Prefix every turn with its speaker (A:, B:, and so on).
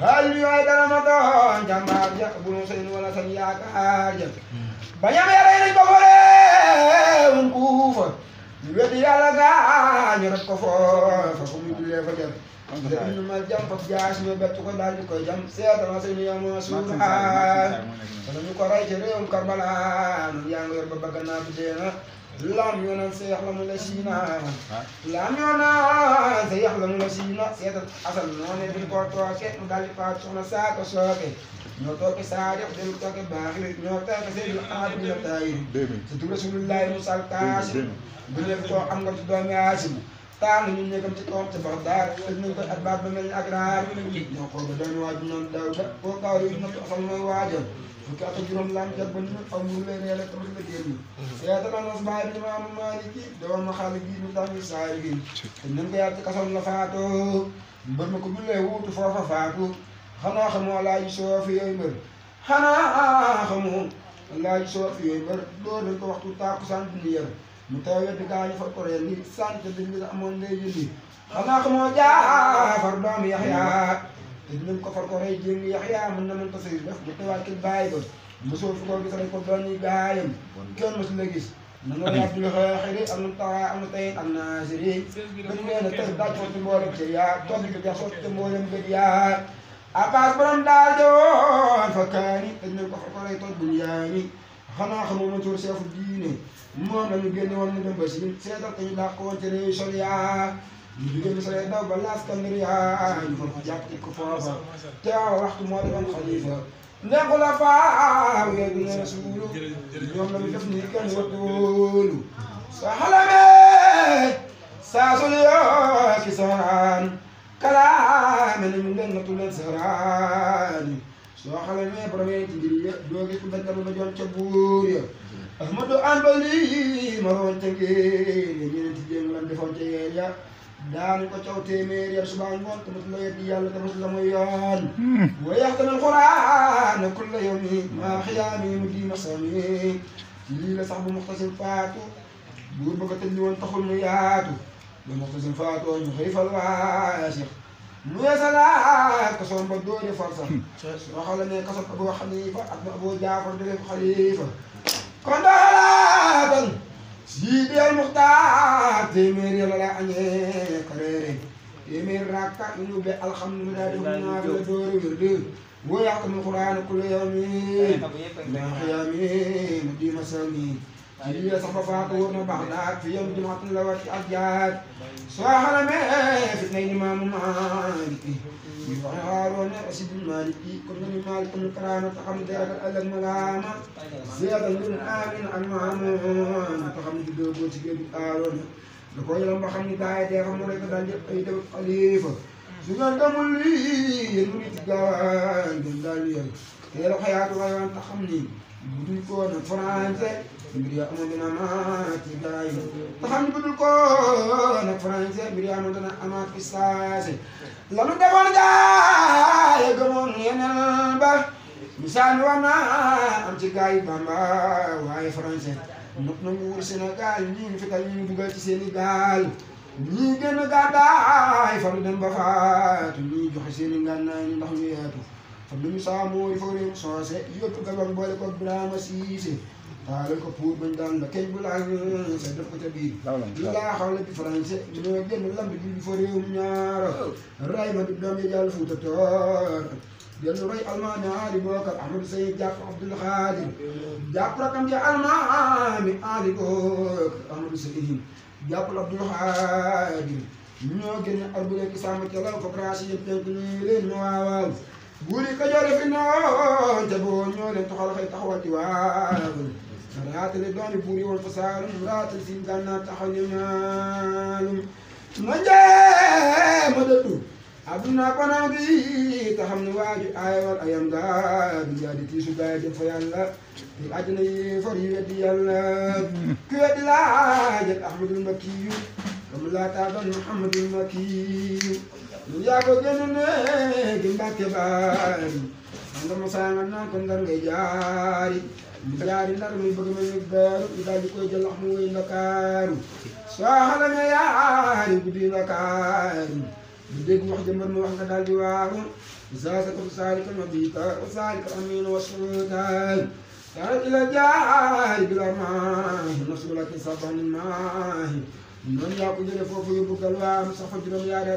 A: xaal li waay dara ma doon jàmbaar ja bu nu seen wala yaakaar ja bañam ya rey nañ ko fore mun kuufa ñu weddi yàlla gaa ñu rek ko foofa fu mu jullee fa jëm kon seen ñu mal jam fab jaas ñu bett ko daal di koy jam seetala seen yamoo suuna danañu ko rey ci réewum Karbala nun yaa ngi ba bagg naa bi deena lam yoonam sa yaxlamu la siina lam yoonam sa yaxlamu la siina seetal asal noone bil ko tooke mu daldi faat soxna saako sooke ñoo tooke saadiq del tooke baaxir ñoo tooke seydul ahad bin la taayir surtout rasulullahi musal kaasimu bu ñëpp ko am nga ci doomi aasimu taal ñu nekkam ci kawam ca Baxdaad tëj nañ ko ak baat ba mel ni ak raar ñoo xool ba doon waaju noonu daaw da boo gaaw yi nattu asal mooy fukki at ak juróom laan jot ba ñu aw ñu lay ko lu liggéey yi yaa dana nos baay Maaliki doon na xale bii bu tàmmi saa yi te nañ ko yàgg kasam ma ko bu lay wuutu foofa faatu xanaa xamoo laaj soo fi yooyu mbër waxtu taakusaan bu ñu mu taw wetu gaañu fa kuréel yi sant biñ ñu amoon ngay julli xanaa xamoo jaafar doomu yaxyaa te dinañ ko far ko rey jéem yaxyaa mën na mën ko sëy def bu teewaat kii bàyyi ba mosoo fi ko gis rek ko doon yi gaayam kenn mosu la gis. na nga yaa dul xeexiri am na tawa am na tey am naa siri dañ leen a tey daaj sotti mboolem ci yaa toog di jax sotti mboolem gëj yaa abbas borom daal joon fa kaani dañ leen ko far ko rey toog buñ yaa xanaa xamoo ma tur seefu diine moom la ñu génne woon ñu dem ba Chine seetal ko ñu làqoo ci Région ñu jugee Misra daw ba Laskandria ñu fa ko jàpp teg ko foofa te waxtu moo defoon xalifa nekkul a faaw yeeg ne suulu ñoom la ñu def nii kenn wattuulu sa xalamee saa sul yoo kisaan kalaame nañu leen nattu leen saraani soo xalamee premier ci dille doogi ku dakkal ba joon ca buur ya ahmadu anbali ma roon ca ngeen ya ñeneen ci jéem lan defoon ca ko caw téeméer ya subaa ngoon te mosu la yeddi yàlla te mosu la muy yoon wa yaxtan alquran kulla yawmi maa xiyaami mu diima sami ci lii la sax bu muxtasim faatu buur ba ko tëj woon taxul mu yaatu ba muxtasim faatoo ñu xëy fal waasix lu yeesalaat kasoom ba doole farsa. soo hmm. xoolee ne Abu Xanifa ak na Abu Jaafar defee ko xalifa. kon doxalaatal. sii deel muxtaar. téeméer yàlla laa añee kareere. téeméer rakka ñu be alhamdulilah def naa fi la doole wér de. wóoyax tamit quraan kullu yawmi. ndax yaa mi ci la sax ba faatu wóor na baax fi yow jumaatun la war ci ak jaar soo nay imaamu Maalik ñu waxe waaroon ne Maalik bi comme ni Maalik amul karaama te xam ne day ragal ëllëg malaama ziyaada ngir aamin ak maamoon te xam ne di doogoo ci géej aaroon da koo yalam ba xam ne daay dee xam rek daal yëpp ay def xalifa su ngeen demul lii yéen mu ngi ci gaawaan ngeen daal yéen teel a mbiriya amandina amati gayi to hande ɓeɗol ko no français mbiriya amandana amati lalu degon gaye gomon yenen ba misali wana am ci gayi bamba waye français nok no nguur sénégal ñin fetal ñin bugal ci sénégal ñi gën gàddaay faru dem ba faatu ñi joxe seeni ngànnaay ñu ndax ñu yaatu fa lu mu ko brama siise waaw ko pour bañ daan ba kay bu laaj sa def ko ca biir. laa xaw la bi français ñoo génn lamb bi fa réew ñaara. ray di doom yi jàll Fuuta Toor. dellu roy almaami Ali Bookar Ahmadou Sayid jàpp Abdul Xaadir. jàpp rakam ja almaami Ali Bookar Ahmadou Sayid jàppul Abdul Xaadir. ñoo génne arbure ki sàmm ca law foog raasi yëpp penk nii leen waaw waaw. wuli ka joore noon te boo ñoo leen taxal xëy taxawati waaw. raatale doomi buur yi wal raatale si gànnaar taxaw ñu ñaalum ma njee ma dëddu adduna banaa bi waaju aayawal ayam gaa du yaa di tiisu gaay jëf fa yàlla di àddina yi far yi weddi yàlla ki weddi laa jël ahmadul makiyu makiyu ñun yaa ko gën a ne gi mbàkke baari xam nga ma saa nga jaari ndar muy bëgg mel ni gaaru i daal di koy jëlax mu wéy ndakaaru soo xalame yaari guddi ndakaaru bu dégg wax jëmbër mu wax nga daal di waaru saasaka fu saalika nabita wa saalika amiin wa sultaan daal ila jaari bila maahi nasulaki sabanin maahi noonu yaa ko jële foofu yóbbu galwaam sax fa juróom yaari